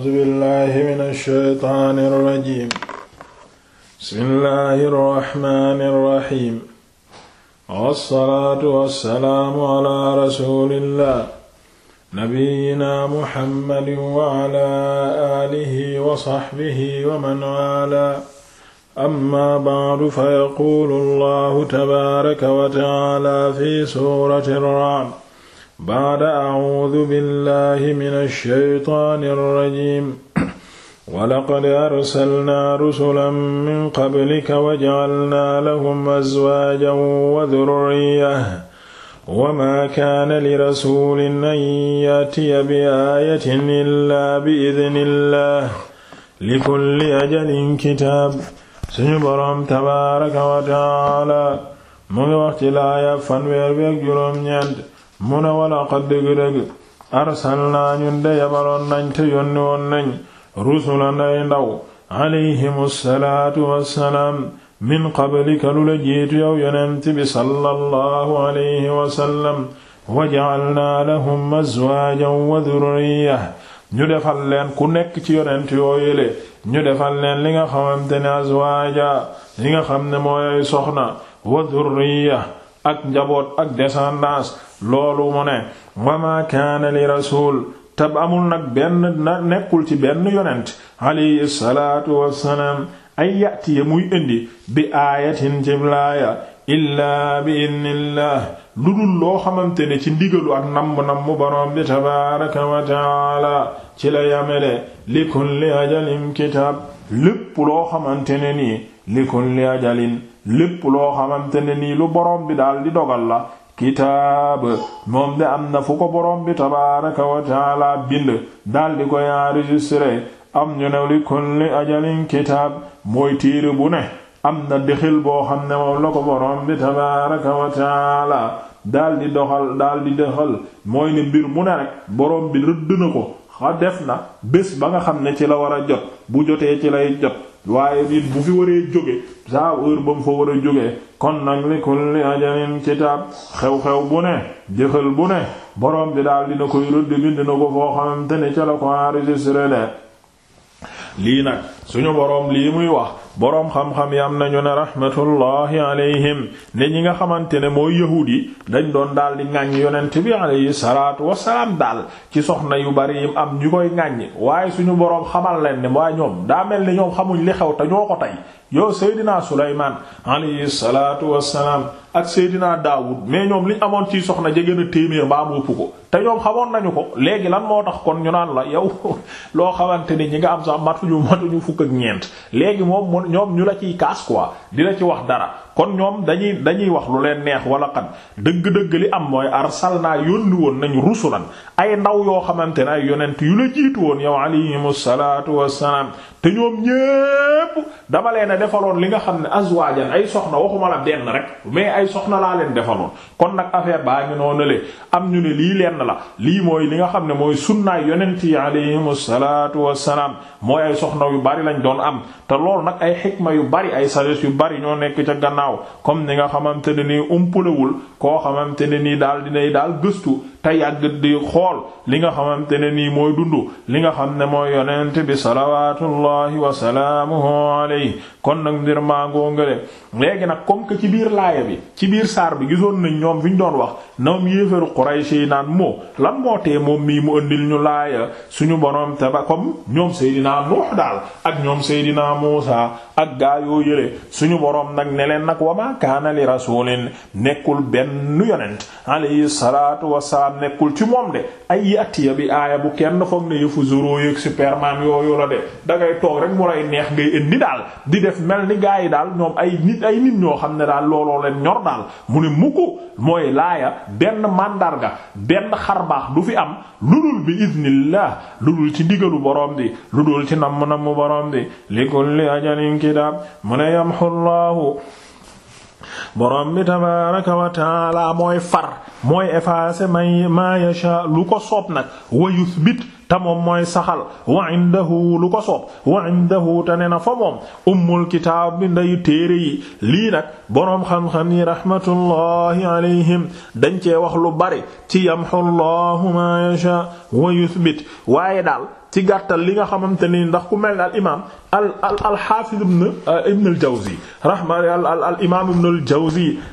a'uuzu billaahi mina shaytaani rajiim bismillaahi rahmaani rahiim wassalaatu wassalaamu alaa rasuulillaah nabiyyinaa muhammadin wa alaa aalihi wa sahbihi wa man waalaa amma ba'du fa yaquulu allaahu tabaaraka wa ta'aalaa fi suurati ar-ra'd baada audu billahi min alsheytaani alrajim walaqad arsalnaa rusulan min qablika wa jacalnaa lahum azwaajan wa durriya wama kaana lirasulin an yaatiya bi aayatin illaa bi idnillah likulli ajalin kitaab suñu boroom tabaaraka wa taala mu ngi wax ci laaya fanweer bi ak juróom ñeent mu ne wala xad dëgg-dëgg arsalnaa ñun de yabaloon nañ te yónni woon nañ rusulan ay ndaw alayhimu salaatu wassalaam min qablika lu la jiitu yow yonent bi sallallahu alayhi wasallam wa ja'alnaa lahum azwaajan wa dhurriyya ñu defal leen ku nekk ci yonent yooyule ñu defal leen li nga xamante ne azwaaja li nga xam ne mooy soxna wa dhurriyya ak njaboot ak descendance loolu mu ne wa ma kaana li rasul te amul nag benn nekkul ci benn yonent alayhi wassalaam ay yatiya muy indi bi aayatin ci laaya illaa bi idnillah lu dul loo xamante ne ci ndigalu ak namm-namm boroom bi tabaaraka wa taala ci la yamele li kulli ajalin kitaab lépp loo xamante ne nii li kulli ajalin lépp loo xamante ne nii lu borom bi daal di dogal la kitaab moom de am na fu ko borom bi tabaaraka wa taala bind daal di koy enregistré am ñu ne li ajalin kitaab mooy téere bu ne am na dexil boo xam ne moom la ko borom bi tabaaraka wa taala di doxal daal di doxal mooy ne mbir mu ne rek boroom bi rëdd na ko xa def na bés ba nga xam ne ci la war a jot bu jotee ci lay jot. waaye nit bu fi waree jóge saa heure ba mu fa war a jóge kon nag li kulli ajalin kitaab xew-xew bu ne jëxal bu ne borom bi daal dina koy rëdd bind na ko foo xamante ne ca la ko enregistré de lii nag suñu borom lii muy wax boroom xam-xam yi am nañu ne rahmatullahi alayhim ne ñi nga xamante ne mooy yahuud yi dañu doon daal di ŋàññ yonent bi alayhi salaatu wasalaam daal ci soxna yu bari yim am ñu koy ŋàññ waaye suñu boroom xamal leen ne waaye ñoom daamel mel ni ñoom xamuñ li xew te ñoo ko tey yow Seydina Souleymane alayhi salaatu wassalaam ak Seydina Daoud mais ñoom liñ amoon ci soxna jege na téeméer ba am ëpp ko te ñoom xamoon nañu ko léegi lan moo tax kon ñu naan la yow loo xamante ni ñi nga am sax matuñu matuñu fukk ak ñeent léegi moom ñoom ñu la ciy kaas quoi di la ci wax dara. kon ñoom dañuy dañuy wax lu leen neex wala xat dëgg-dëgg li am mooy arsalnaa yónni woon nañu rusulan ay ndaw yoo xamante ne ay yonent yu la jiitu woon yow alayhimu salaatu wassalaam te ñoom ñépp dama leen defaloon li nga xam ne azwaajan ay soxna waxuma la denn rek mais ay soxna laa leen defaloon kon nag affaire baa ngi noonu le am ñu ne lii lenn la lii mooy li nga xam ne mooy sunnaay yonent yi alayhimu salaatu wassalaam mooy ay soxna yu bari lañ doon gaaw comme ni nga xamante ne nii umpulewul koo xamante ne nii daal dinay daal gëstu te yàgg di xool li nga xamante ne nii mooy dund li nga xam ne mooy yonent bi salawaatullahi wa salaamuhu alayhi kon nag mbir maangoo ngële léegi nag comme que ci biir laaya bi ci biir saar bi gisoon nañ ñoom fi ñu doon wax ñoom yéefaru Quraysh yi naan moo lan moo tee moom mii mu ëndil ñu laaya suñu borom taba comme ñoom Seydina Nuux daal ak ñoom Seydina Muusa ak gaa yoo yële suñu boroom nag ne leen nag wa ma kaana li rasulin nekkul benn yonent alayhi salaatu wassalaam nekkul ci moom de ay yatiya bi aaya bu kenn foog ne yëfu zoro yeeg superman yooyu la de da ngay toog rek mu lay neex ngay indi di def mel ni gaa yi daal ñoom ay nit ay nit ñoo xam ne daal looloo leen ñor daal mu ne mukku mooy laaya benn màndarga benn xarbaax du fi am lu dul bi iznillah lu dul ci ndigalu boroom bi lu dul ci namm namm boroom bi li kulli kitaab mu ne yamhu Allahu mooy far mooy effacer may maa yasha lu ko soob nag wa yuthbit te moom mooy saxal wa indahu lu ko soob wa indahu te ne na fa moom ummul kitaab bi ndeyu yi lii nag boroom xam-xam yi rahmatullahi dañ cee wax lu bari ci yamhu Allahu maa yasha wa yuthbit waaye daal ci gàttal li nga xamante ni ndax ku mel ne al imaam al al al xaafid ibn euh, ibn al jawzi rahma al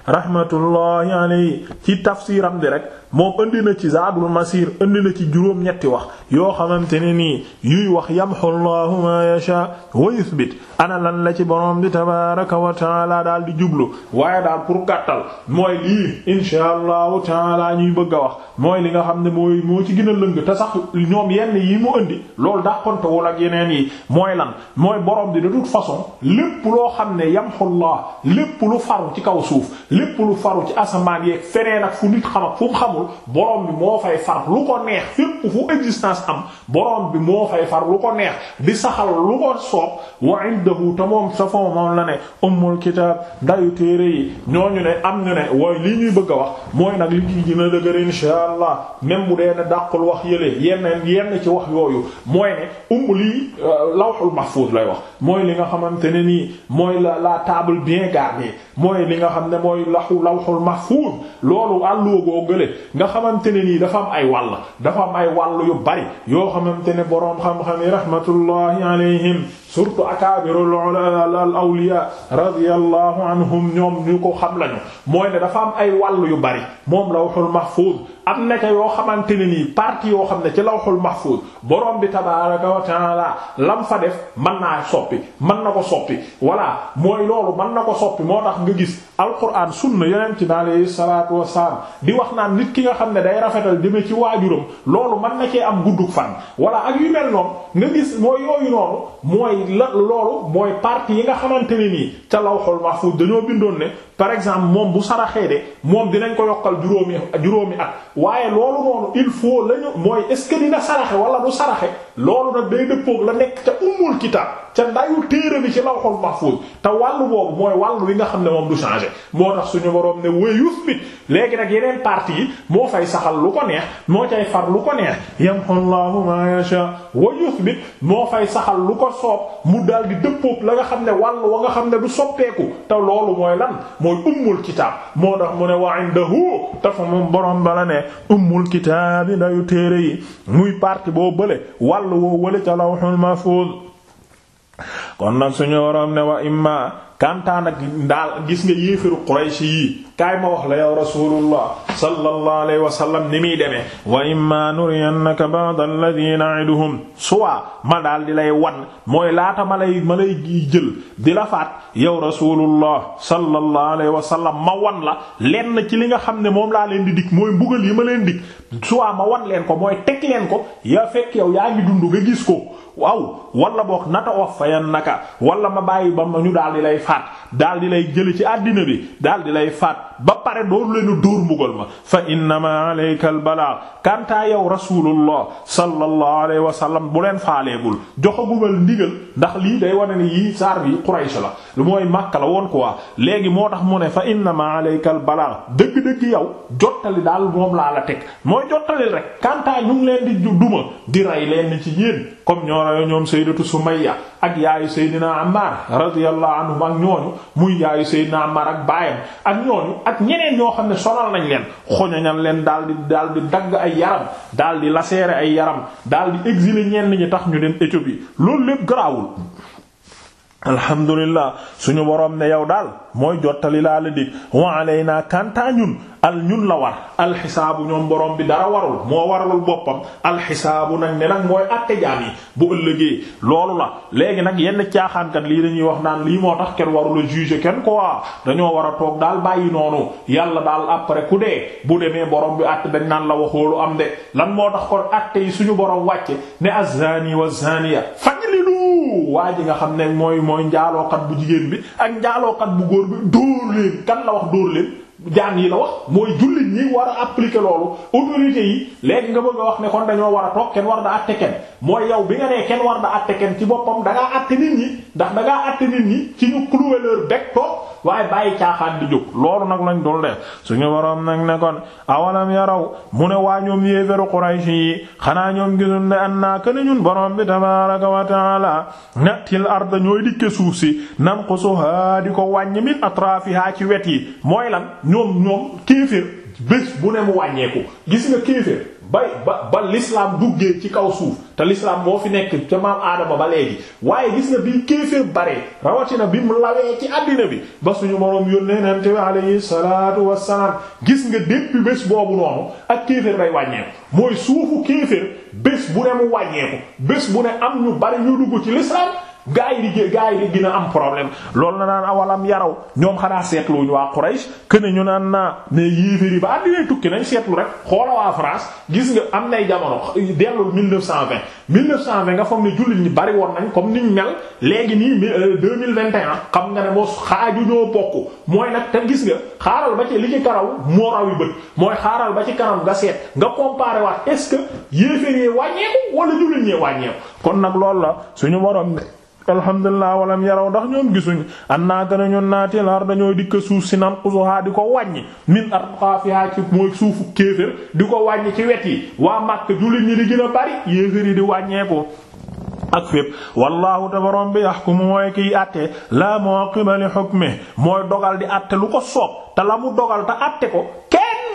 rahmatullahi alayhi ci tafsiram bi rek moom indi na ci zaadul masir indi na ci juróom-ñetti wax yoo xamante ne nii yuy wax yamhu llahu ma yasha wa yuthbit ana lan la ci borom di tabaraka wa taala daal di jublu waaye daal pour gàttal mooy lii insha allahu taala ñuy bëgg a wax mooy li nga xam ne mooy moo ci gën a lëng te sax ñoom yenn yi mu indi loolu dàqontewul ak yeneen yi mooy lan mooy borom bi de toute façon lépp loo xam ne yam yamxullah lépp lu faru ci kaw suuf lépp lu faru ci asamaan yeeg feneen ak fu nit xam ak fu xamul borom bi moo fay far lu ko neex fépp fu existence am borom bi moo fay far lu ko neex di saxal lu ko soob wa indahu te moom sa foo moom la ne ummul kitaab ndayu téere yi ñooñu ne am ñu ne wooy lii ñuy bëgg a wax mooy nag li gi gën a dëgër insha allah même bu dee ne dàqul wax yële yenn yenn ci wax yooyu mooy ne umm lii euh, lawhul mahfuz lay wax mooy li nga xamante ne nii mooy la la table bien gardée mooy li nga xam ne mooy laxu lawhul mahfuz loolu àlluwagoo gële nga xamante ne nii dafa am ay wàll dafa am ay wàll yu bari yoo xamante ne boroom xam-xam yi rahmatullahi alayhim surtout akabirul awliya radiyallahu anhum ñoom ñu ko xam lañu mooy ne dafa am ay wàll yu bari moom lawhul mahfuz am na yoo xamante ni nii partie yoo xam ne ci lawhul mahfuz boroom bi tabaaraka wa taala lam fa def mën naa soppi mën na ko soppi voilà mooy loolu mën na ko soppi moo tax nga gis alquran sunna yonent bi alayhi salaatu wassalaam di wax naa nit ki nga xam ne day rafetal jëme ci waajuram loolu mën na cee am guddu fan voilà ak yu mel noonu nga gis mooy yooyu noonu mooy loolu mooy partie yi nga xamante ne nii ca lawhul mahfuz dañoo bindoon ne par exemple moom bu saraxee de moom dinañ ko yokkal juróomi juróomi at waaye loolu noonu il faut lañu mooy est-ce que dina saraxe wala du saraxe loolu nag day dëppoog la nekk ca ummul kitaab ca ndayu téere bi ci lawhul mahfuz te wàllu boobu mooy wàllu wi nga xam ne moom du changer moo tax suñu boroom ne wa yuthbit léegi nag yeneen parti yi moo fay saxal lu ko neex moo cay far lu ko neex yamhu Allahu ma yasha wa moo fay saxal lu ko soob mu daal di dëppoog la nga xam ne wàllu wa nga xam ne du soppeeku te loolu mooy lan mooy ummul kitaab moo tax mu ne wa indahu tafa moom borom bala ne ummul kitaab yi dayu téere yi muy partie boo bële wàll woo wële ca lawhul mahfuz kon nag suñu waroom ne wa imma kantaan ak daal gis nga yéefiru Quraysh yi kaay ma wax la yow rasulullah sallallahu alayhi wa sallam ni muy demee wa imma nuriyannaka ba'd alladhi na'iduhum suwa ma daal di lay wan mooy laata ma lay ma lay jël di la faat yow rasulullah sallallahu alayhi wa sallam ma wan la lenn ci li nga xam ne moom laa leen di dik mooy mbugal yi ma leen dik suwa ma wan leen ko mooy teg leen ko yaa fekk yow yaa ngi dund nga gis ko waaw wala boog nata of asaka wala ma bàyyi ba ma ñu daal di lay faat daal di lay jëli ci àddina bi daal di lay faat ba pare dooru leenu dóor mbugal ma fa innama alayka al balaa kantaa yow rasulullah sallallahu alayhi wa sallam bu leen faaleegul joxagumal ndigal ndax lii day wane ni yii saar bi Quraysh la lu mooy Makka la woon quoi léegi moo tax mu ne fa innama alayka al balaa dëgg-dëgg yow jottali daal moom laa la teg mooy jottali rek kantaa ñu ngi leen di duma di rey leen ci comme ñoo rayo ñoom sayyidatu Sumayya ak yaayu Seydina Ammar radiyallahu anhum ak ñooñu muy yaayu Seydina Ammar ak baayam ak ñooñu ak ñeneen ñoo xam ne sonal nañ leen xoñoñal leen daal di daal di dagg ay yaram daal di lacérer ay yaram daal di exiler ñenn ñi tax ñu dem Éthiopie loolu lépp garaawul alhamdulillah suñu boroom ne yow daal mooy jottali laa la dig wa alaynaa kantaa ñun al ñun la war alxisaabu ñoom borom bi dara warul moo waralul boppam alxisaabu nag ne nag mooy àtte jaam yi bu ëllëgee loolu la léegi nag yenn caaxaankat lii dañuy wax naan lii moo tax kenn warula juger kenn quoi dañoo war a toog daal bàyyi noonu yàlla daal après ku dee bu demee boroom bi àtte dañ naan la waxoolu am de lan moo tax kon àtte yi suñu borom wàcce ne azzaani wa zaaniya waa ji nga xam ne mooy mooy kat bu jigéen bi ak kat bu góor bi dóor leen kan la wax dóor leen jaan yi la wax mooy jullit ñi war a appliquer loolu autorité yi léegi nga bëgg a wax ne kon dañoo war a toog kenn war da àtte kenn mooy yow bi nga nee kenn war da àtte kenn ci boppam da ngaa àtte nit ñi ndax dangaa ngaa àtte nit ñi ci ñu clouer leur toog waaye bàyyi caaxaan di jóg loolu nag lañ dul def suñu waroom nag ne kon awalam yaraw mu ne waa ñoom yéeféru Quraysh yi xanaa ñoom gisul ne annaa kana ñun borom bi tabaaraka wa taala natil arda ñooy dikke suuf si nanqusuha di ko wàññi min atrafiha ci wet yi mooy lan ñoom ñoom kéeféer bés bu ne mu wàññeeku gis nga kéeféer ba ba ba l'islam duggee ci kaw suuf te l'islam moo fi nekk ca maam aadama ba léegi waaye gis na bi kéefee baree rawatina bi mu lawee ci àddina bi ba suñu moroom yónnee nante bi alayhi salaatu wassalaam gis nga depuis bés boobu noonu ak kéeféer day wàññeeku mooy suufu kéeféer bés bu ne mu wàññeeku bés bu ne am ñu bari ñu dugg ci l'islam gaa yi di gaa yi di am problème loolu na naan awalam yaraw ñoom xanaa seetlu ñu waa Quraysh këne ñu naan naa ne yéeféri ba àddina tukki nañ seetlu rek xoola waa France gis nga am nay jamono dellul san 1920 nga foog ne jullit ñi bari woon nañ comme niñ mel léegi nii 2021 euh, xam nga ne moo xaaju ñoo bokk mooy nag te gis nga xaaral ba ci li ci karaw moo raw yu bët mooy xaaral ba ci kanam nga seet nga comparer wax est-ce que yéeféri wàññeeku wala jullit ñee kon nag loolu la suñu borom alhamdulilah walam yaraw ndax ñoom gisuñ annaaka na ñun naati lar dañooy dikk suuf si nanqusuhaa di ko wàññi min arqaafihaa ci mooy suufu kéefër di ko wàññi ci wet yi waa Makka jullit ñi di gën a bari yéefër yi di wàññeeku ak fépp wallahu te borom bi yahkumu mooy kiy àtte laa muqiba li hukmi mooy dogal di àtte lu ko soob te la mu dogal te àtte ko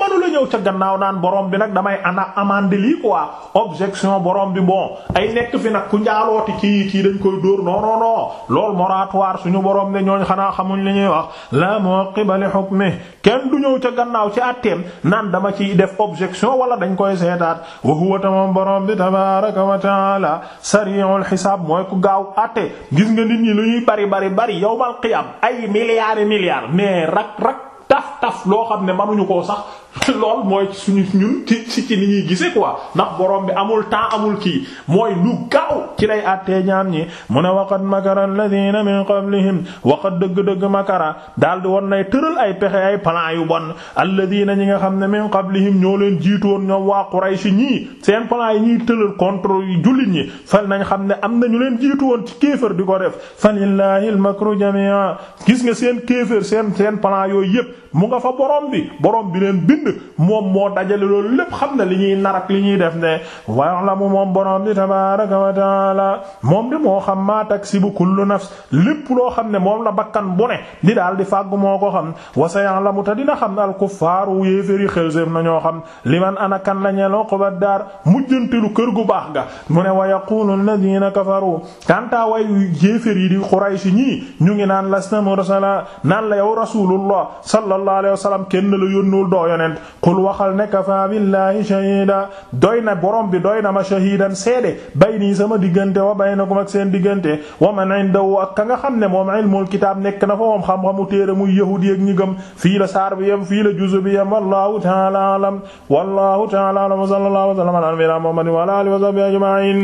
manu la ñëw ca gannaaw naan borom bi nag damay ana amande lii waa objection boroom bi bon ay nekk fi nag ku njaalooti kii kii dañ koy dóor non non non loolu moratoire suñu boroom ne ñooñ xanaa xamuñ li ñuy wax la muqiba li hukmi kenn du ñëw ca gannaaw ci àtteem naan dama ci def objection wala dañ koy seetaat wa huwa tamam borom bi tabaraka wa taala sari'ul xisaab mooy ku gaaw àtte gis nga nit ñi lu ñuy bari bari bari yawmal qiyaam ay milliards taf loo xam ne mënuñu koo sax lool mooy suñu ñun ci ci ni ñuy gisee quoi ndax borom bi amul temps amul kii mooy lu gaaw ci lay àttee ñaam ñi mu ne waqad makara alladhina min qablihim waqad dëgg-dëgg makara daal di woon nay tëral ay pexe ay plan yu bon alladhina ñi nga xam ne min qablihim ñoo leen jiitoon ñoom waa Quraysh ñii seen plan yi ñuy tëral contre jullit ñi fal nañ xam ne am na ñu leen jiitu woon ci kéefër di ko def falillahi al makru jami'a gis nga seen kéefër seen seen plan yooyu yépp nga fa borom bi borom bi leen bind moom moo dajale loolu lépp xam na li ñuy nar ak li ñuy def ne waaye la mu moom borom bi tabaaraka wa taala moom de moo xam maa taksibu kullu nafs lépp loo xam ne moom la bakkan bu ne di daal di fàgg moo ko xam wa sayalamu ta dina xam ne al kuffaaru yéeféri xelséef na ñoo xam liman ana kan la ñeel uqbad daar mujjantelu kër gu baax ga mu ne wa yaqulu alladhina kafaru kanta way yéefér yi di Quraysh ñi ñu ngi naan la yow alayhi wa sallam kenn la yónnuwul doo yonent qul waxal ne kafaa billahi shahida doy na borom bi doy na ma shahidan seede bayni sama diggante wa baynakum ak seen diggante wa man indahu ak ka nga xam ne moom ilmul kitaab nekk na fa moom xam-xamu téere muy yahudi ak ñi gëm fii la saar bi yam fii la juzu bi yam wallahu ta'ala alam wallahu ta'ala alam wa sallallahu wa sallama ala nabiyyina muhammadin wa ala alihi wa sahbihi ajma'in